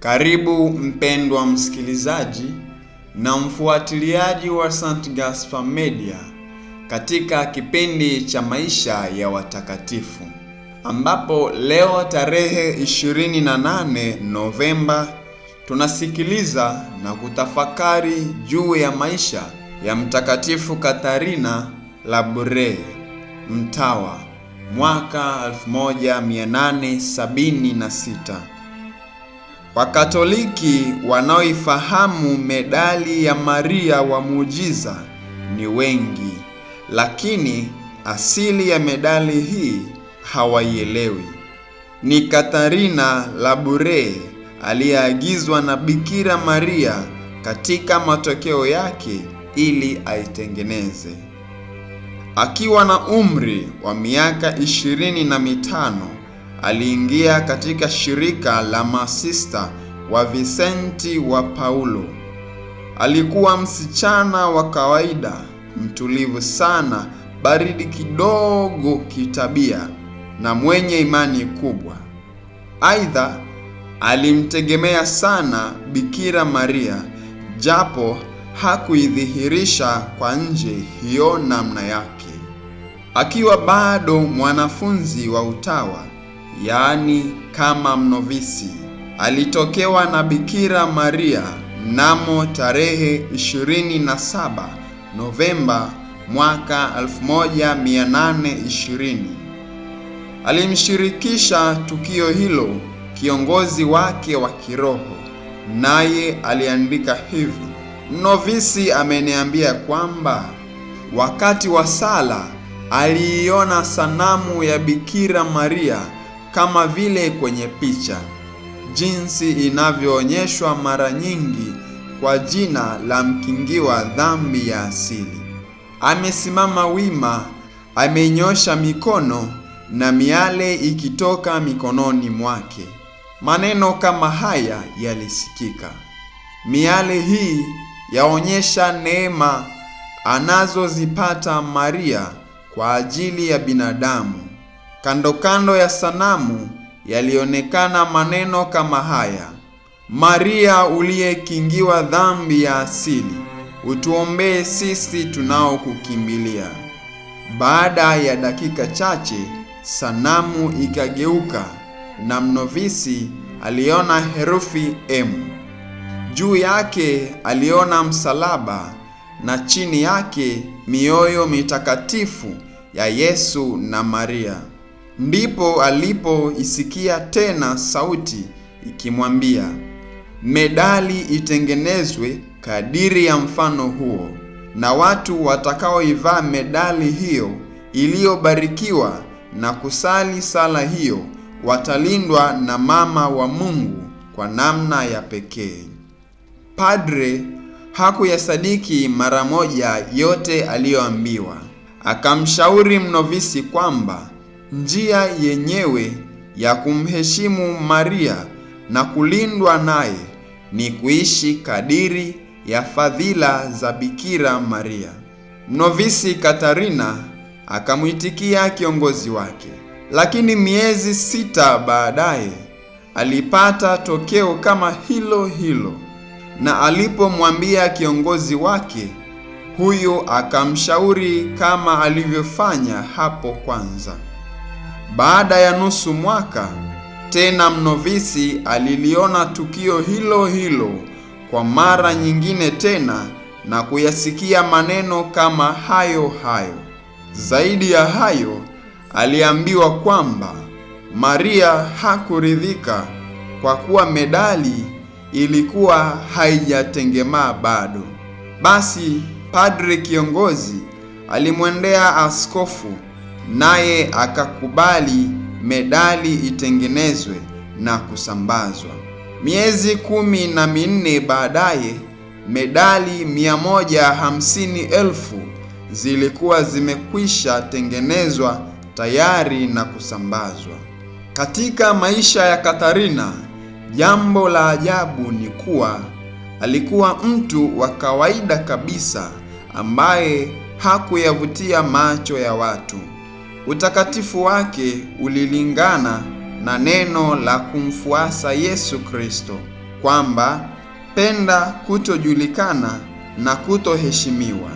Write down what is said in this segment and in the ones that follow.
Karibu mpendwa msikilizaji na mfuatiliaji wa St. Gaspar Media katika kipindi cha maisha ya watakatifu ambapo leo tarehe 28 Novemba tunasikiliza na kutafakari juu ya maisha ya Mtakatifu Katarina Laboure mtawa mwaka 1876 Wakatoliki wanaoifahamu medali ya Maria wa muujiza ni wengi, lakini asili ya medali hii hawaielewi. Ni Katarina Labure aliyeagizwa na Bikira Maria katika matokeo yake ili aitengeneze. Akiwa na umri wa miaka ishirini na mitano aliingia katika shirika la masista wa Visenti wa Paulo. Alikuwa msichana wa kawaida, mtulivu sana, baridi kidogo kitabia na mwenye imani kubwa. Aidha, alimtegemea sana Bikira Maria, japo hakuidhihirisha kwa nje hiyo namna yake. Akiwa bado mwanafunzi wa utawa yaani kama mnovisi. Alitokewa na Bikira Maria mnamo tarehe 27 Novemba mwaka 1820. Alimshirikisha tukio hilo kiongozi wake wa kiroho, naye aliandika hivi: mnovisi ameniambia kwamba wakati wa sala aliiona sanamu ya Bikira Maria kama vile kwenye picha, jinsi inavyoonyeshwa mara nyingi kwa jina la mkingiwa dhambi ya asili. Amesimama wima, amenyosha mikono na miale ikitoka mikononi mwake. Maneno kama haya yalisikika: miale hii yaonyesha neema anazozipata Maria kwa ajili ya binadamu Kando kando ya sanamu yalionekana maneno kama haya: Maria uliyekingiwa dhambi ya asili, utuombee sisi tunaokukimbilia. Baada ya dakika chache, sanamu ikageuka na mnovisi aliona herufi M. Juu yake aliona msalaba na chini yake mioyo mitakatifu ya Yesu na Maria. Ndipo alipoisikia tena sauti ikimwambia, medali itengenezwe kadiri ya mfano huo, na watu watakaoivaa medali hiyo iliyobarikiwa na kusali sala hiyo watalindwa na mama wa Mungu kwa namna ya pekee. Padre hakuyasadiki mara moja yote aliyoambiwa. Akamshauri mnovisi kwamba njia yenyewe ya kumheshimu Maria na kulindwa naye ni kuishi kadiri ya fadhila za Bikira Maria. Mnovisi Katarina akamwitikia kiongozi wake, lakini miezi sita baadaye alipata tokeo kama hilo hilo, na alipomwambia kiongozi wake huyo akamshauri kama alivyofanya hapo kwanza. Baada ya nusu mwaka tena mnovisi aliliona tukio hilo hilo kwa mara nyingine tena na kuyasikia maneno kama hayo hayo. Zaidi ya hayo, aliambiwa kwamba Maria hakuridhika kwa kuwa medali ilikuwa haijatengemaa bado. Basi padre kiongozi alimwendea askofu naye akakubali medali itengenezwe na kusambazwa. Miezi kumi na minne baadaye medali mia moja hamsini elfu zilikuwa zimekwisha tengenezwa tayari na kusambazwa. Katika maisha ya Katharina, jambo la ajabu ni kuwa alikuwa mtu wa kawaida kabisa ambaye hakuyavutia macho ya watu. Utakatifu wake ulilingana na neno la kumfuasa Yesu Kristo kwamba penda kutojulikana na kutoheshimiwa.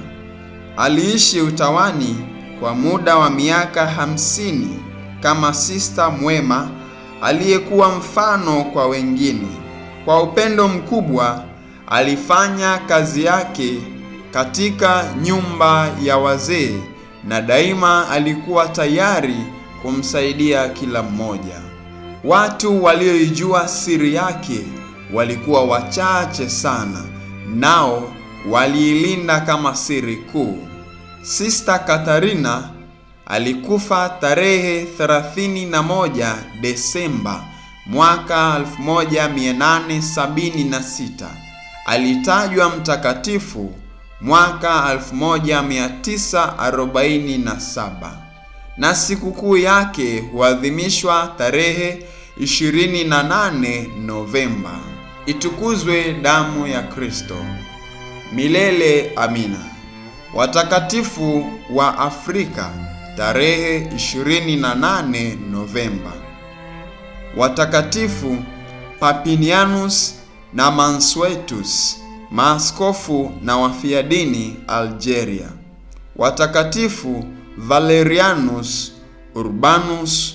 Aliishi utawani kwa muda wa miaka hamsini kama sista mwema aliyekuwa mfano kwa wengine. Kwa upendo mkubwa alifanya kazi yake katika nyumba ya wazee na daima alikuwa tayari kumsaidia kila mmoja. Watu walioijua siri yake walikuwa wachache sana, nao waliilinda kama siri kuu. Sista Katarina alikufa tarehe 31 Desemba mwaka 1876. Alitajwa mtakatifu mwaka 1947 na sikukuu yake huadhimishwa tarehe 28 Novemba. Itukuzwe damu ya Kristo! Milele amina. Watakatifu wa Afrika tarehe 28 Novemba. Watakatifu Papinianus na Mansuetus maaskofu na wafia dini Algeria, watakatifu Valerianus, Urbanus,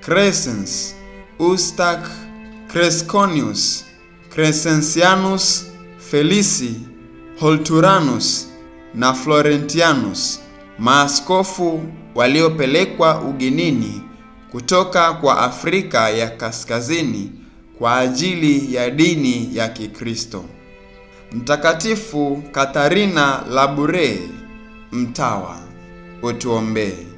Crescens, Ustak, Cresconius, Crescensianus, Felisi, Holturanus na Florentianus, maaskofu waliopelekwa ugenini kutoka kwa Afrika ya Kaskazini kwa ajili ya dini ya Kikristo. Mtakatifu Katarina Labure, mtawa, utuombee.